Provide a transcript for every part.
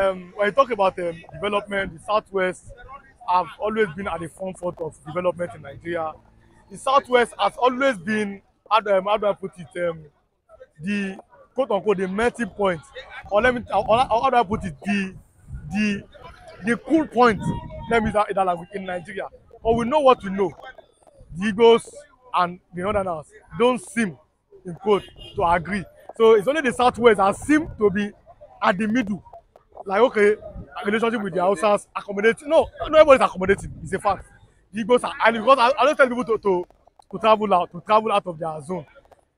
um, when you talk about um, development, the Southwest have always been at the forefront of development in Nigeria. The Southwest has always been, how do, um, how do I put it, um, the quote unquote the melting point, or let me, or, how do I put it, the the the cool point. Let me say that language in Nigeria, or we know what we know. The Igbos and the Northerners don't seem, in quote, to agree. So it's only the Southwest that seem to be at the middle like okay relationship with the Hausas accommodating no no is accommodating it's a fact the Igbos are and because I, I don't tell people to to to travel out to travel out of their zone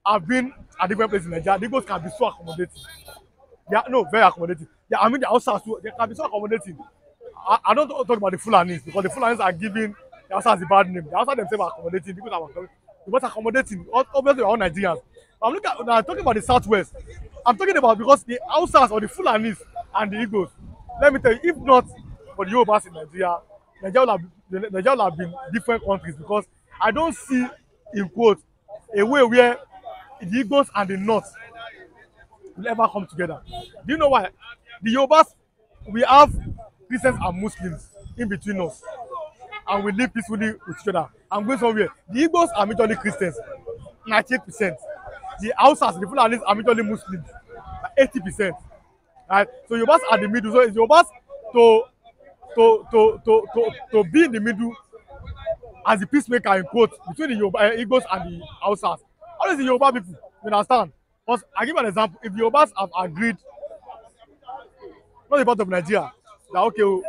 I've been at different places in Nigeria the Igbos can be so accommodating yeah no very accommodating yeah I mean the Hausas too they can be so accommodating I, I don't talk about the Fulanis because the Fulanis are giving the Hausas a bad name the Hausas themselves are accommodating The because are accommodating because accommodating obviously we're all Nigerians I'm looking at I'm talking about the Southwest I'm talking about because the Hausas or the Fulanis and the Igbos. Let me tell you, if not for the Yorubas in Nigeria, Nigeria would have, Nigeria would have been different countries because I don't see, in quote, a way where the Igbos and the North will ever come together. Do you know why? The Yorubas, we have Christians and Muslims in between us and we live peacefully with each other. I'm going somewhere. The Igbos are majorly Christians, 98%. The Hausas, the Fulanis are majorly Muslims, 80%. Right? So Yorubas are the middle. So it's Yorubas to to to to to to be in the middle as the peacemaker in quote between the Yoruba uh, Igbos and the Hausas. Always the Yoruba people, you understand? Because I give an example. If Yorubas have agreed, not the part of Nigeria, that okay, oh,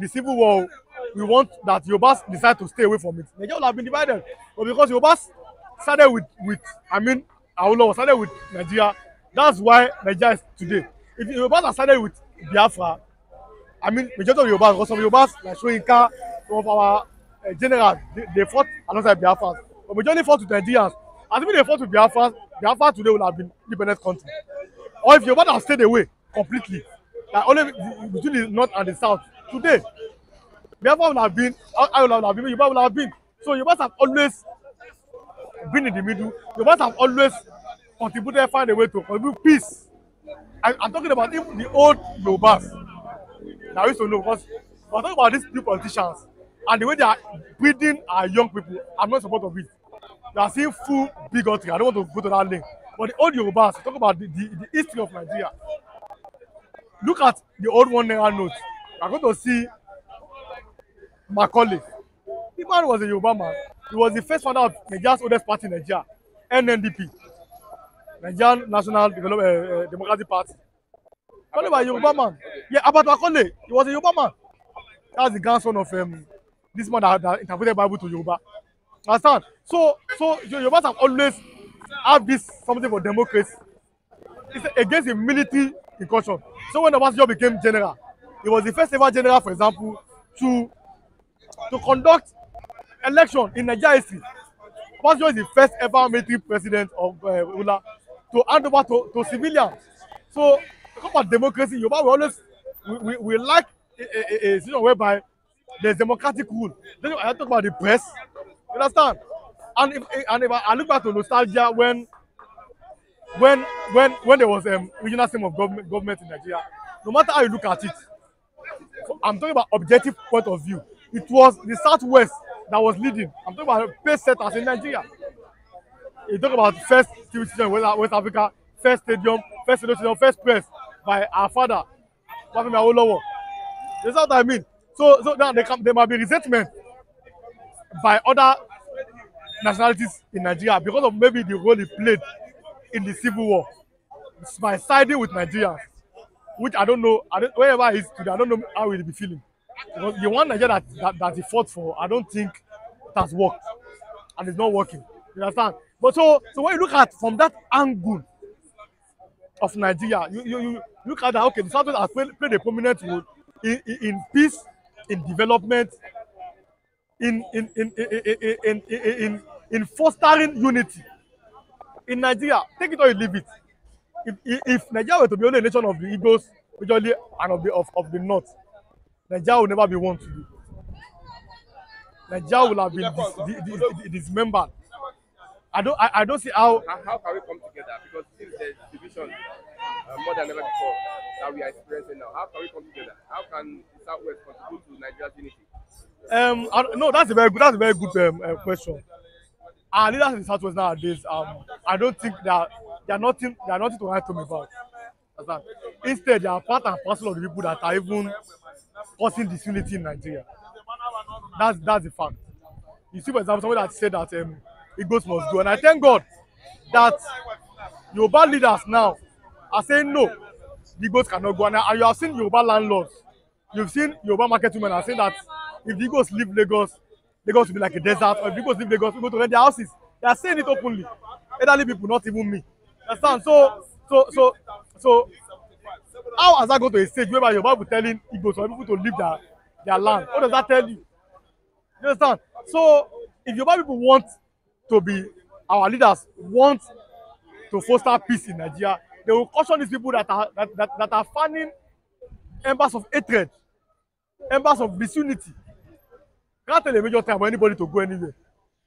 the civil war, we want that Yorubas decide to stay away from it. Nigeria will have been divided, but because Yorubas started with with I mean, Aulawa started with Nigeria. That's why Nigeria is today if Yorubas are sided with Biafra, I mean, majority of Yorubas, because some Yorubas, like Shoyinka, some of our uh, eh, generals, they, they fought alongside Biafra. But majority fought with Nigerians. And even they fought with Biafra, Biafra today would have been independent country. Or if Yorubas have stayed away completely, like only between the north and the south, today, Biafra would have been, I would have been, Yoruba would have been. So Yorubas have always been in the middle. Yorubas have always contributed, find a way to contribute peace I, I'm talking about even the old Yorubas that used to know because we're talking about these new politicians and the way they are breeding our young people. I'm not supportive of it. They are seeing full bigotry. I don't want to go to that lane. But the old Yorubas, talk about the, the, the history of Nigeria. Look at the old one naira note. I'm going to see Macaulay. The man was a Yoruba man. He was the first founder of Nigeria's oldest party in Nigeria, NNDP. Nigerian National Development uh, eh, Democratic Party. Kole was a Yoruba man. Yeah, Abata Kole, he was a Yoruba man. That's the grandson of um, this man that, that interpreted Bible to Yoruba. Understand? So, so Yoruba have always have this something for democracy. It's against the military incursion. So when Obasanjo became general, he was the first ever general, for example, to to conduct election in Nigeria history. Obasanjo is the first ever military president of uh, eh, ruler to hand over to, to civilians. So talk about democracy, Yoruba we always we, we, we like a, a, a situation whereby there's democratic rule. Then I talk about the press. You understand? And if eh, and if I, I look back to nostalgia when when when when there was um regional system of government government in Nigeria, no matter how you look at it, so I'm talking about objective point of view. It was the southwest that was leading. I'm talking about pace setters in Nigeria. you talk about first TV station West, West Africa, first stadium, first stadium, first press by our father, Bafemi Awolowo. That's what I mean. So, so now there, can, there might be resentment by other nationalities in Nigeria because of maybe the role he played in the civil war. It's by siding with Nigeria, which I don't know, I don't, wherever he is today, I don't know how he'll be feeling. Because the one Nigeria that, that, that he fought for, I don't think it has worked. And it's not working. You understand? But so, so when you look at from that angle of Nigeria, you, you, you look at that, okay, the Southwest has played, played a prominent role in, in, in peace, in development, in, in, in, in, in, in, in, in fostering unity. In Nigeria, take it or you leave it. If, if, Nigeria were to be only a nation of the Igbos, majorly, and of the, of, of the North, Nigeria would never be one to be. Nigeria will have been dismembered. I don't I, I don't see how how, can we come together because since the division uh, more than ever before that we are experiencing now, how can we come together? How can Southwest contribute to Nigeria's unity? Um, I, no, that's a very good that's a very good um, uh, question. Our leaders in Southwest nowadays, um, I don't think that they are nothing they are nothing to write home about. Instead, they are part and parcel of the people that are even causing disunity in Nigeria. That's that's the fact. You see, for example, somebody that said that um, Igbos must go. And I thank God that Yoruba leaders now are saying no, the cannot go. And you have seen Yoruba landlords, you've seen Yoruba market women are saying that if the Igbos leave Lagos, Lagos will be like a desert. Or if the leave Lagos, people to rent their houses. They are saying it openly. Elderly people, not even me. Understand? So, so, so, so, how has that got to a stage whereby Yoruba will telling Igbos or people to leave their, their land? What does that tell you? You understand? So, if Yoruba people want to be our leaders want to foster peace in Nigeria, they will caution these people that are that, that, that are fanning embers of hatred, embers of disunity. Can't tell a major time for anybody to go anywhere.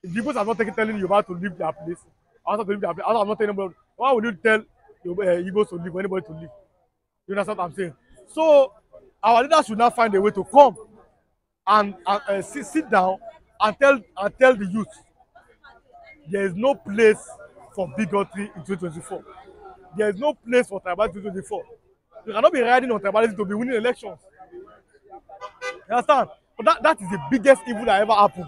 If people are not taking, telling you about to leave their place, I want to leave their place. I'm not telling anybody. Why would you tell your uh, Igbos to leave or anybody to leave? You understand what I'm saying? So our leaders should now find a way to come and, and uh, sit, sit down and tell and tell the youth there is no place for bigotry in 2024. There is no place for tribalism in 2024. You cannot be riding on tribalism to be winning elections. You understand? But that, that is the biggest evil that ever happened.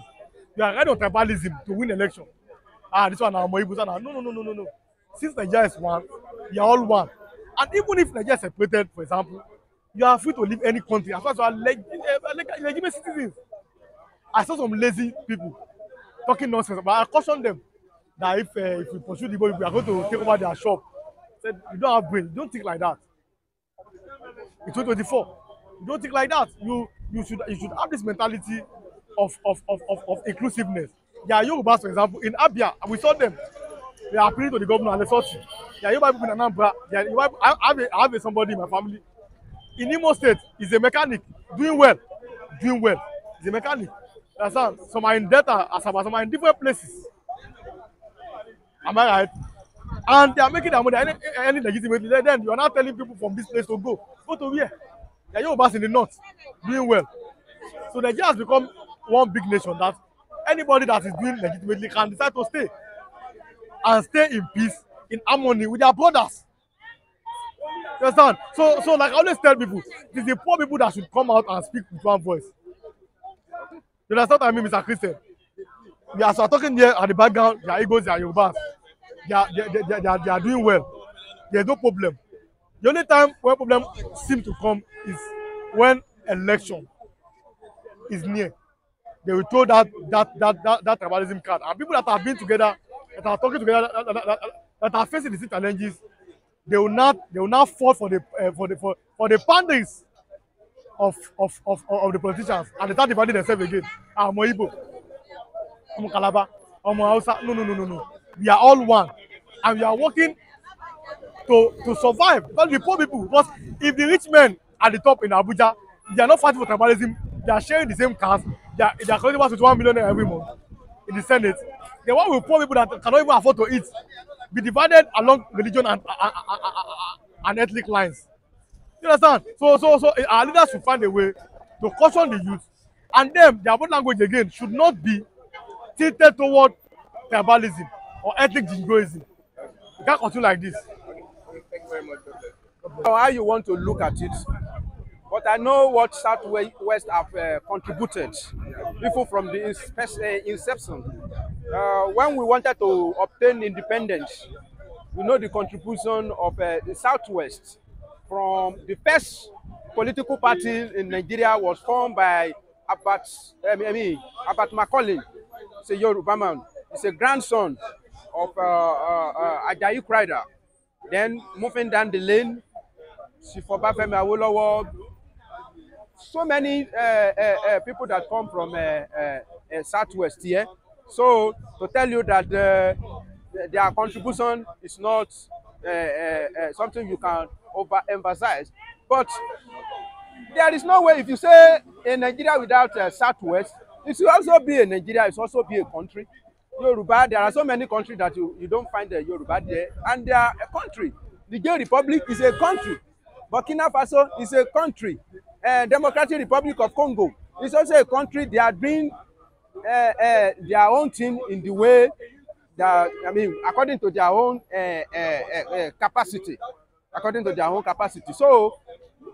You are riding on tribalism to win election. Ah, this one, I'm able No, no, no, no, no, no. Since Nigeria is one, you are all one. And even if Nigeria is separated, for example, you are free to leave any country as far as you are eh, eh, legitimate leg leg leg citizens. I saw some lazy people talking nonsense, but I caution them that if uh, if we pursue the ball, we are going to take over their shop. Said, you don't have brain. don't think like that. In 2024, you don't think like that. You you should you should have this mentality of of of of, of inclusiveness. Yeah, Yorubas, for example, in Abia, we saw them. They are appealing to the governor and they sought you. Yeah, Yoruba people in Anambra. Yeah, Yoruba, I, I have a, I have a somebody in my family. In Imo State, is a mechanic doing well, doing well. He's a mechanic. That's some are in debtor, some are in different places. Am I right? And they are making their money any, any legitimately. Then you are not telling people from this place to go. Go to where? There are Yorubas in the north doing well. So Nigeria has become one big nation that anybody that is doing legitimately can decide to stay and stay in peace, in harmony with their brothers. You understand? So, so like I always tell people, it is the poor people that should come out and speak with one voice. You understand what I mean, Mr. Christian? we are, talking there at the background, they are Igbos, they are Yorubas. They are, they, they, they, they, are, they are doing well. There's no problem. The only time where problem seems to come is when election is near. They will throw that that that that, that tribalism card. And people that have been together, that are talking together, that, that, that, that are facing the same challenges, they will not they will not fall for the uh, for the for, for the panders of of, of of the politicians and they start dividing themselves again. Ah, Moibo ọmọ Calabar ọmọ Hausa no no no no no we are all one and we are working to to survive not the poor people because if the rich men at the top in Abuja they are not fighting for tribalism they are sharing the same cars they are they are collecting about twenty-one million every month in the senate the one with poor people that cannot even afford to eat be divided along religion and uh, uh, uh, uh, and ethnic lines you understand so so so eh, our leaders should find a way to caution the youth and them their body language again should not be tilted toward tribalism or ethnic jingoism. We can't continue like this. Thank you very much. How you want to look at it, but I know what Southwest have uh, contributed, people from the uh, inception. Uh, when we wanted to obtain independence, we know the contribution of uh, the Southwest from the first political party in Nigeria was formed by Abat, I mean, Abat Macaulay He's a Yoruba man. He's a grandson of uh, uh, uh, Ajayi Crida. Then moving down the lane, Sifoba Femi Awolowo. So many uh, uh, uh, people that come from uh, uh, uh, Southwest here. So to tell you that uh, their contribution is not uh, uh, uh, something you can overemphasize. But there is no way if you say a Nigeria without uh, Southwest, It should also be a Nigeria, it should also be a country. Yoruba, there are so many countries that you, you don't find the Yoruba there, and they are a country. Niger Republic is a country. Burkina Faso is a country. Uh, Democratic Republic of Congo is also a country. They are doing uh, uh, their own thing in the way that, I mean, according to their own uh, uh, uh, capacity, according to their own capacity. So,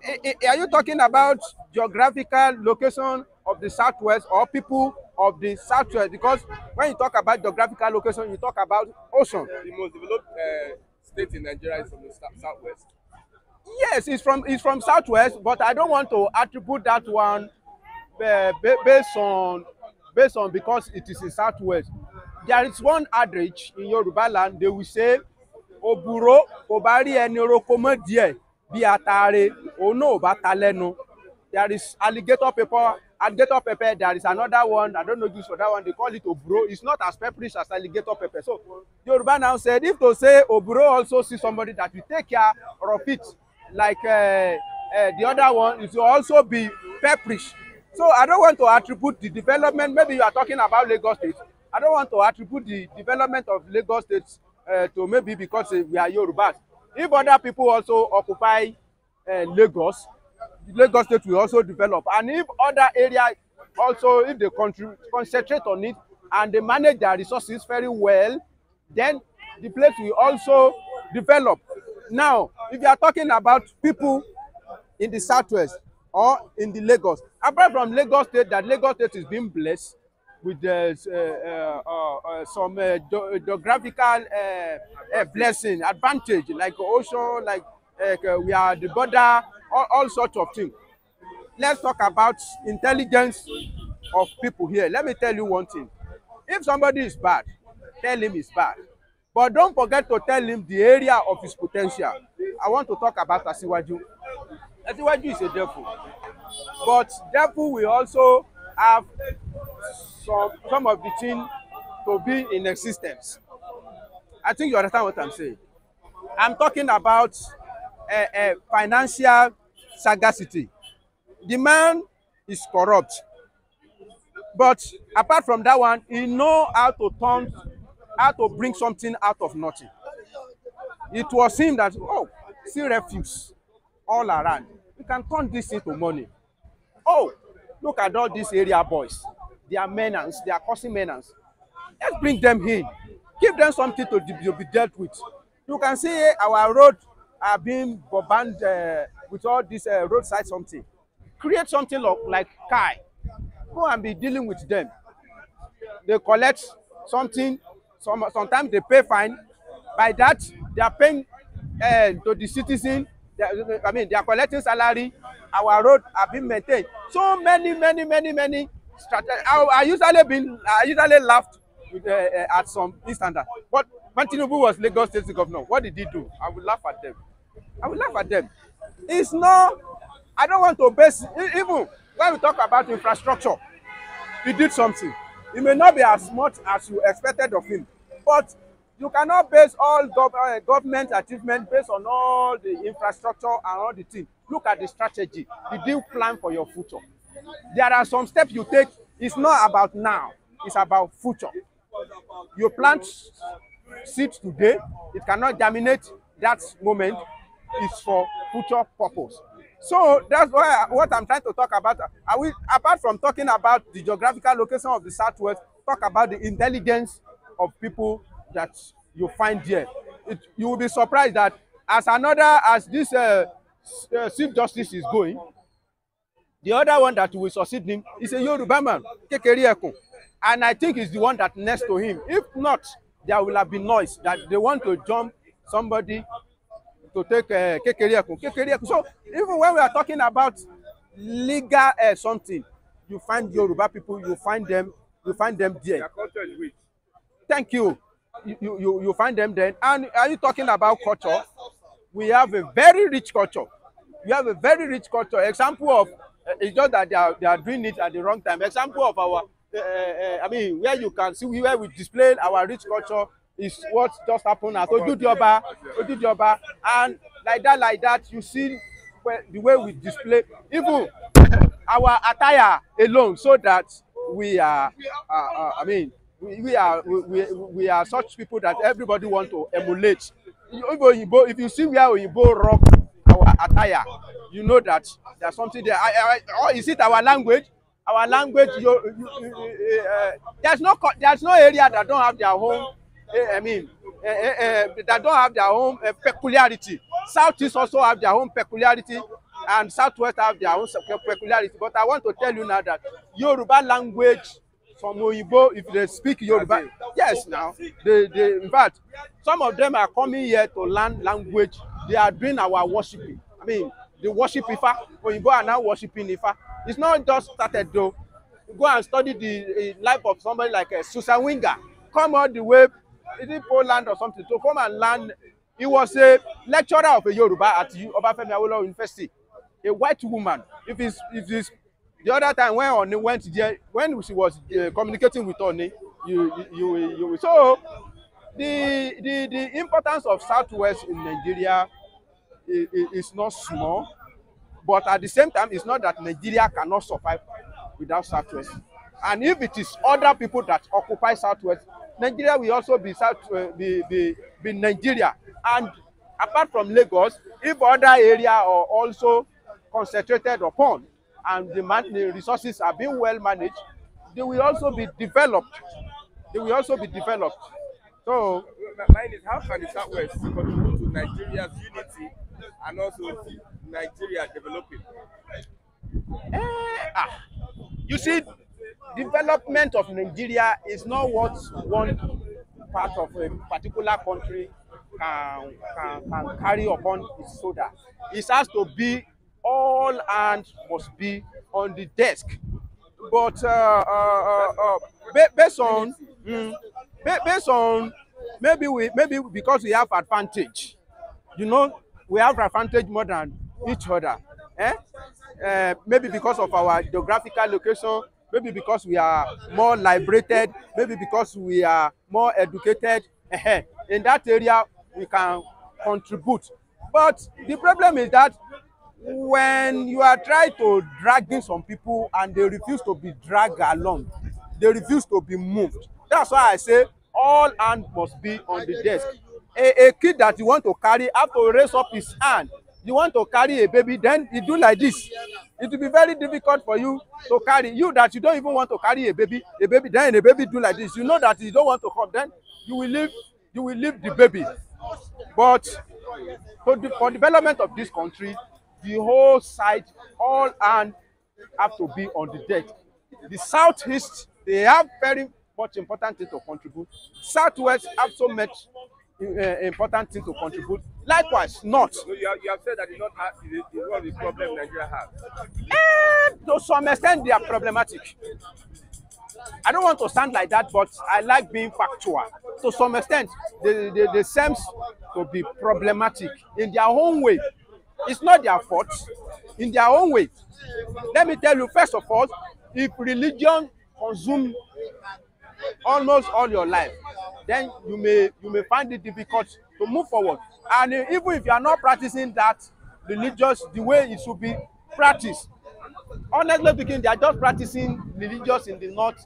uh, are you talking about geographical location of the southwest or people of the southwest because when you talk about geographical location you talk about ocean. Uh, the most developed uh, state in nigeria is from the southwest. yes it's from it's from southwest but i don't want to attribute that one uh, based on based on because it is in southwest there is one adage in yoruba land they will say oburo obari bá rí ẹni oroko mọ́ díẹ̀ bí ataare òun náà ta lẹ́nu there is alligator paper alligator pepper there is another one i don't know use for that one they call it obro it's not as peppery as alligator pepper so yoruba now said if to say obro also see somebody that will take care of it like uh, uh, the other one it will also be peppery. so i don't want to attribute the development maybe you are talking about lagos state i don't want to attribute the development of lagos state uh, to maybe because uh, we are yorubas if other people also occupy uh, lagos Lagos State will also develop. And if other area also, if they concentrate on it and they manage their resources very well, then the place will also develop. Now, if you are talking about people in the southwest or in the Lagos, apart from Lagos State, that Lagos State is being blessed with uh, uh uh, uh, uh, some uh, geographical blessing, advantage, like also like we are the border all, all sorts of things. Let's talk about intelligence of people here. Let me tell you one thing. If somebody is bad, tell him he's bad. But don't forget to tell him the area of his potential. I want to talk about Asiwaju. Asiwaju is a devil. But devil will also have some, some of the things to be in existence. I think you understand what I'm saying. I'm talking about uh, financial sagacity. The man is corrupt. But apart from that one, he know how to turn, how to bring something out of nothing. It was him that, oh, see refuse all around. You can turn this into money. Oh, look at all these area boys. They are menace, they are causing menace. Let's bring them in. Give them something to be dealt with. You can see our road are being bombarded uh, with all this uh, roadside something. Create something like, like Kai. Go and be dealing with them. They collect something. Some, sometimes they pay fine. By that, they are paying uh, to the citizen. They, I mean, they are collecting salary. Our road have been maintained. So many, many, many, many strategies. I, I usually been, I usually laughed with, uh, uh, at some instance. But when was Lagos State Governor, what did he do? I would laugh at them. I will laugh at them. It's not, I don't want to base, e, even when we talk about infrastructure, he did something. It may not be as much as you expected of him, but you cannot base all gov uh, government achievement based on all the infrastructure and all the things. Look at the strategy. the deal plan for your future? There are some steps you take. It's not about now. It's about future. You plant seeds today. It cannot germinate that moment is for future purpose. So that's why I, what I'm trying to talk about. I will, apart from talking about the geographical location of the Southwest, talk about the intelligence of people that you find there. It, you will be surprised that as another, as this uh, uh, Chief Justice is going, the other one that will succeed him is a Yoruba man, Kekere Ekun. And I think he's the one that next to him. If not, there will have been noise that they want to jump somebody to take uh, eh, Kekeriekun. Kekeriekun. So even when we are talking about legal uh, something, you find Yoruba people, you find them, you find them there. Thank you. You, you, you find them then. And are you talking about culture? We have a very rich culture. We have a very rich culture. Example of, uh, it's just that they are, they are doing it at the wrong time. Example of our, uh, uh, I mean, where you can see where we display our rich culture is what just happened at Ojudioba, Ojudioba, and like that, like that, you see well, the way we display even our attire alone, so that we are, uh, uh, I mean, we, we are we, we, we are such people that everybody want to emulate. If Oyibo, if you see where Oyibo rock our attire, you know that there's something there. I, I, or is it our language? Our language, you, you, you, uh, there's no there's no area that don't have their own Eh, I mean, uh, uh, that don't have their own uh, peculiarity. Southeast also have their own peculiarity, and Southwest have their own peculiarity. But I want to tell you now that Yoruba language from Oyibo, if they speak Yoruba, yes, now they, they, in fact, some of them are coming here to learn language. They are doing our worshiping. I mean, they worship Ifa. Oyibo are now worshiping Ifa. It's not just started though. Go and study the uh, life of somebody like uh, Susan Winger. Come all the way is it Poland or something, to come and learn. He was a lecturer of a Yoruba at Obafemi Awolowo University, a white woman. If it's, if it's the other time when Oni went there, when she was uh, communicating with Oni, you, you, you, you, so the, the, the importance of Southwest in Nigeria is, is not small, but at the same time, it's not that Nigeria cannot survive without Southwest. And if it is other people that occupy Southwest, Nigeria will also be South, uh, be, be, be Nigeria. And apart from Lagos, if other area are also concentrated upon and the, man, the resources are being well managed, they will also be developed. They will also be developed. So, mine is how can the Southwest contribute to Nigeria's unity and also Nigeria developing? Eh, ah, you see, development of Nigeria is not what one part of a particular country can, can, can carry upon its shoulder. It has to be all and must be on the desk. But uh, uh, uh, uh, based on mm, based on maybe we maybe because we have advantage, you know, we have advantage more than each other. Eh? Uh, maybe because of our geographical location, maybe because we are more liberated maybe because we are more educated eh, eh, in that area we can contribute but the problem is that when you are trying to drag in some people and they refuse to be dragged along they refuse to be moved that's why i say all hands must be on the desk a a kid that you want to carry have to raise up his hand you want to carry a baby then you do like this it will be very difficult for you to carry you that you don't even want to carry a baby a baby then a baby do like this you know that you don't want to come then you will leave you will leave the baby but to the for development of this country the whole side all and have to be on the deck the southeast they have very much important thing to contribute southwest have so much uh, important thing to contribute. Likewise, not. So you, have, you have said that the not one of the problems Nigeria has. Um, to some extent, they are problematic. I don't want to sound like that, but I like being factual. To some extent, they, they, they seem to be problematic in their own way. It's not their fault, in their own way. Let me tell you, first of all, if religion consumes almost all your life, then you may you may find it difficult to move forward. And even if you are not practicing that religious the way it should be practiced, honestly speaking, they are just practicing religious in the north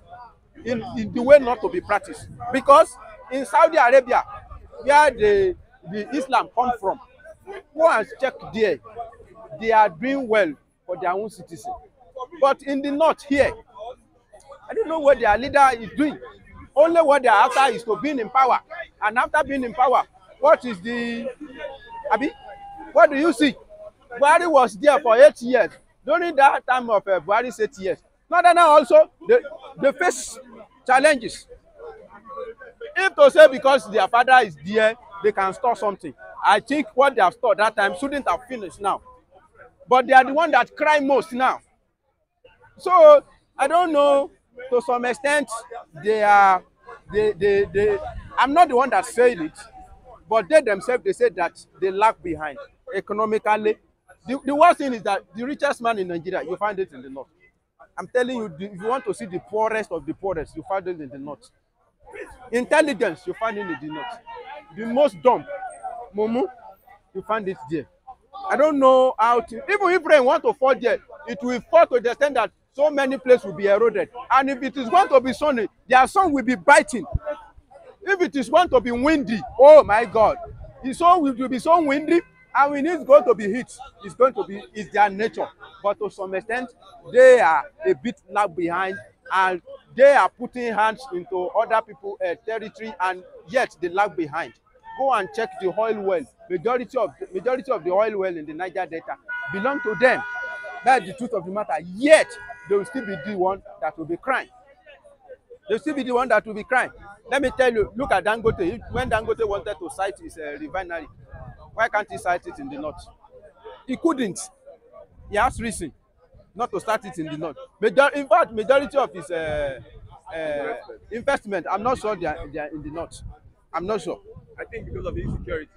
in, in the way not to be practiced. Because in Saudi Arabia, where the the Islam come from, go and check there, they are doing well for their own citizens. But in the north here, I don't know what their leader is doing. Only what they are after is to being in power. And after being in power, what is the Abi? What do you see? Buhari was there for eight years. During that time of uh, Buhari's eight years, now also they, they face challenges. If to say because their father is there, they can store something. I think what they have stored that time shouldn't have finished now. But they are the one that cry most now. So I don't know to some extent they are they they they i'm not the one that said it but they themselves they say that they lag behind economically the the worst thing is that the richest man in nigeria you find it in the north i'm telling you if you want to see the poorest of the poorest you find it in the north intelligence you find it in the north the most dumb mumu you find it there i don't know how to even if rain want to fall there it will fall to the extent that so many places will be eroded. And if it is going to be sunny, their sun will be biting. If it is going to be windy, oh my God, the sun will be so windy and when it's going to be heat, it's going to be, it's their nature. But to some extent, they are a bit lag behind and they are putting hands into other people's uh, eh, territory and yet they lag behind. Go and check the oil well. Majority of, majority of the oil well in the Niger Delta belong to them. That's the truth of the matter. Yet, they will still be the one that will be crying. They will still be the one that will be crying. Let me tell you, look at Dangote. When Dangote wanted to site his uh, refinery, why can't he site it in the north? He couldn't. He has reason not to start it in the north. Major in fact, majority of his uh, uh, investment, I'm not sure they are, they are in the north. I'm not sure. I think because of insecurity.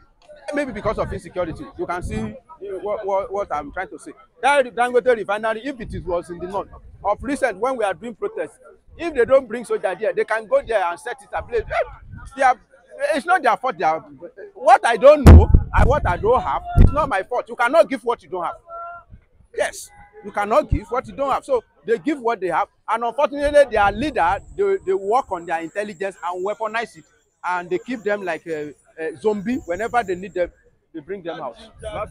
Maybe because of insecurity. You can see what, what, what I'm trying to say. That Dangote refinery, if it was in the north, of recent when we are doing protests, if they don't bring soldier there, they can go there and set it ablaze. They eh, eh, it's not their fault. They are, eh, what I don't know and what I don't have, it's not my fault. You cannot give what you don't have. Yes, you cannot give what you don't have. So they give what they have, and unfortunately, their leader they, they work on their intelligence and weaponize it, and they keep them like a, a zombie. Whenever they need them, they bring them out.